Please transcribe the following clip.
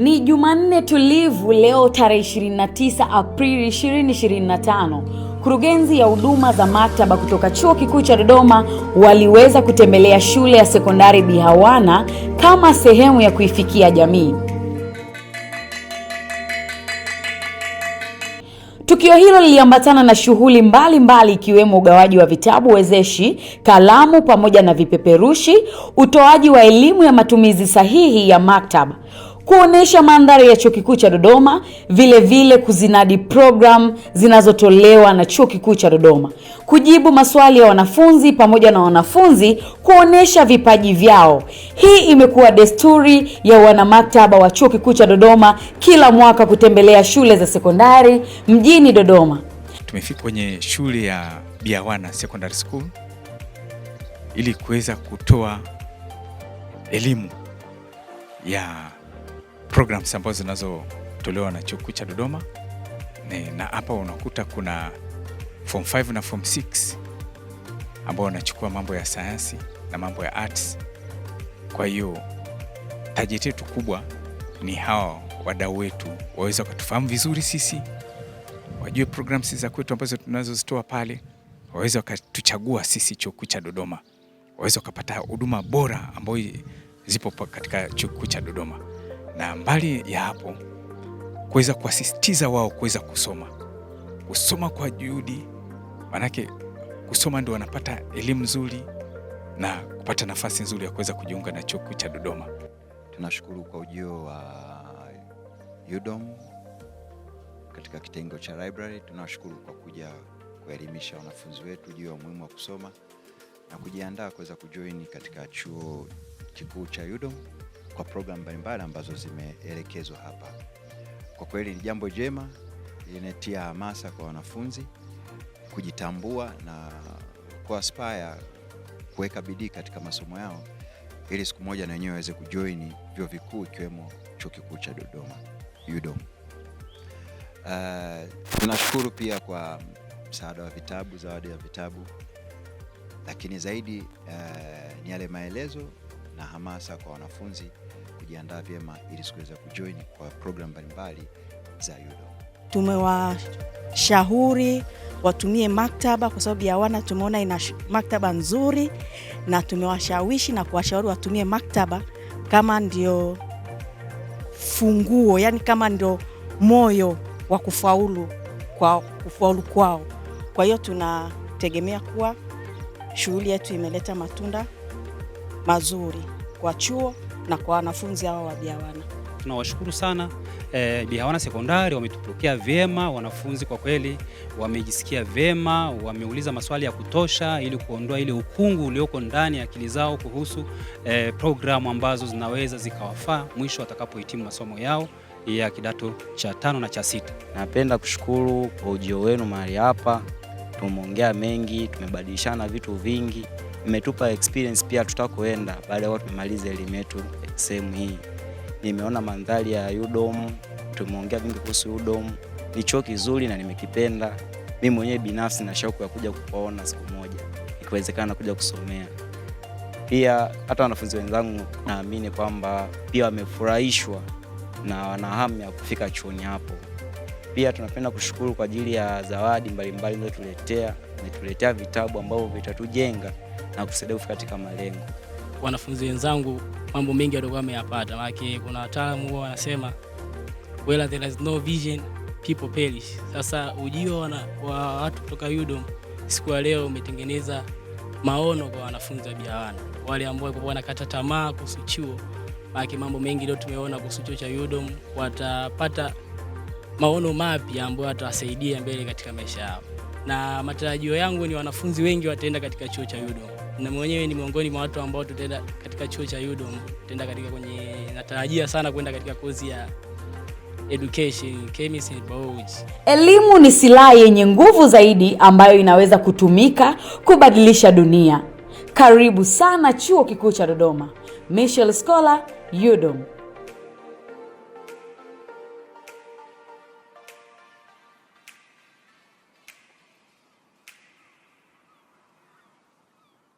Ni Jumanne tulivu leo tarehe 29 Aprili 2025. Kurugenzi ya huduma za maktaba kutoka Chuo Kikuu cha Dodoma waliweza kutembelea shule ya sekondari Bihawana kama sehemu ya kuifikia jamii. Tukio hilo liliambatana na shughuli mbalimbali ikiwemo ugawaji wa vitabu wezeshi, kalamu pamoja na vipeperushi, utoaji wa elimu ya matumizi sahihi ya maktaba kuonesha mandhari ya chuo kikuu cha Dodoma, vilevile vile kuzinadi program zinazotolewa na chuo kikuu cha Dodoma, kujibu maswali ya wanafunzi pamoja na wanafunzi kuonesha vipaji vyao. Hii imekuwa desturi ya wanamaktaba wa chuo kikuu cha Dodoma kila mwaka kutembelea shule za sekondari mjini Dodoma. Tumefika kwenye shule ya Biawana Secondary School ili kuweza kutoa elimu ya programs ambazo zinazotolewa na chuo kikuu cha Dodoma ne, na hapa unakuta kuna form 5 na form 6 ambao wanachukua mambo ya sayansi na mambo ya arts. Kwa hiyo tajeti yetu kubwa ni hawa wadau wetu waweze wakatufahamu vizuri sisi, wajue programs za kwetu ambazo tunazozitoa pale, waweze wakatuchagua sisi chuo kikuu cha Dodoma, waweze wakapata huduma bora ambayo zipo katika chuo kikuu cha Dodoma na mbali ya hapo kuweza kuwasisitiza wao kuweza kusoma kusoma kwa juhudi, manake kusoma ndio wanapata elimu nzuri na kupata nafasi nzuri ya kuweza kujiunga na chuo cha Dodoma. Tunashukuru kwa ujio wa UDOM katika kitengo cha library. tunawashukuru kwa kuja kuelimisha wanafunzi wetu juu ya umuhimu wa kusoma na kujiandaa kuweza kujoini katika chuo kikuu cha UDOM kwa programu mbalimbali ambazo zimeelekezwa hapa. Kwa kweli ni jambo jema, linatia hamasa kwa wanafunzi kujitambua na kuaspaya kuweka bidii katika masomo yao ili siku moja na wenyewe waweze kujoini vyuo vikuu ikiwemo Chuo Kikuu cha Dodoma UDOM. Uh, eh, tunashukuru pia kwa msaada wa vitabu, zawadi ya vitabu, lakini zaidi uh, ni yale maelezo na hamasa kwa wanafunzi kujiandaa vyema ili sikuweza kujoin kwa programu mbalimbali za UDOM. Tumewashauri watumie maktaba kwa sababu Yawana tumeona ina maktaba nzuri, na tumewashawishi na kuwashauri watumie maktaba kama ndio funguo, yani kama ndio moyo wa kufaulu kwa kufaulu kwao. Kwa hiyo tunategemea kuwa shughuli yetu imeleta matunda mazuri kwa chuo na kwa wanafunzi hawa wa Bihawana. Tunawashukuru sana eh, Bihawana Sekondari wametupokea vyema. Wanafunzi kwa kweli wamejisikia vyema, wameuliza maswali ya kutosha ili kuondoa ile ukungu ulioko ndani ya akili zao kuhusu eh, programu ambazo zinaweza zikawafaa mwisho watakapohitimu masomo yao ya kidato cha tano na cha sita. Napenda kushukuru kwa ujio wenu mahali hapa, tumeongea mengi, tumebadilishana vitu vingi mmetupa experience pia tutakoenda baada ya tumemaliza elimu yetu sehemu hii. Nimeona mandhari ya UDOM, tumeongea vingi kuhusu UDOM. Ni chuo kizuri na nimekipenda. Mimi mwenyewe binafsi na shauku ya kuja kupaona siku moja, ikiwezekana kuja kusomea. Pia hata wanafunzi wenzangu naamini kwamba pia wamefurahishwa na wana hamu ya kufika chuoni hapo. Pia tunapenda kushukuru kwa ajili ya zawadi mbalimbali mliotuletea, mmetuletea vitabu ambavyo vitatujenga na kusaidia kufika katika malengo. Wanafunzi wenzangu mambo mengi walikuwa wameyapata, maana kuna wataalamu huwa wanasema where there is no vision people perish. Sasa ujio wana, wa watu kutoka UDOM siku ya leo umetengeneza maono kwa wanafunzi wa BIAWANA wale ambao walikuwa wanakata tamaa kuhusu chuo, maana mambo mengi leo tumeona kuhusu chuo cha UDOM, watapata maono mapya ambayo watawasaidia mbele katika maisha yao, na matarajio yangu ni wanafunzi wengi wataenda katika chuo cha UDOM na mwenyewe ni miongoni mwa watu ambao tutaenda katika chuo cha UDOM, tutaenda katika kwenye, natarajia sana kwenda katika kozi ya Education, chemistry and biology. Elimu ni silaha yenye nguvu zaidi ambayo inaweza kutumika kubadilisha dunia. Karibu sana Chuo Kikuu cha Dodoma. Michelle Scholar, UDOM.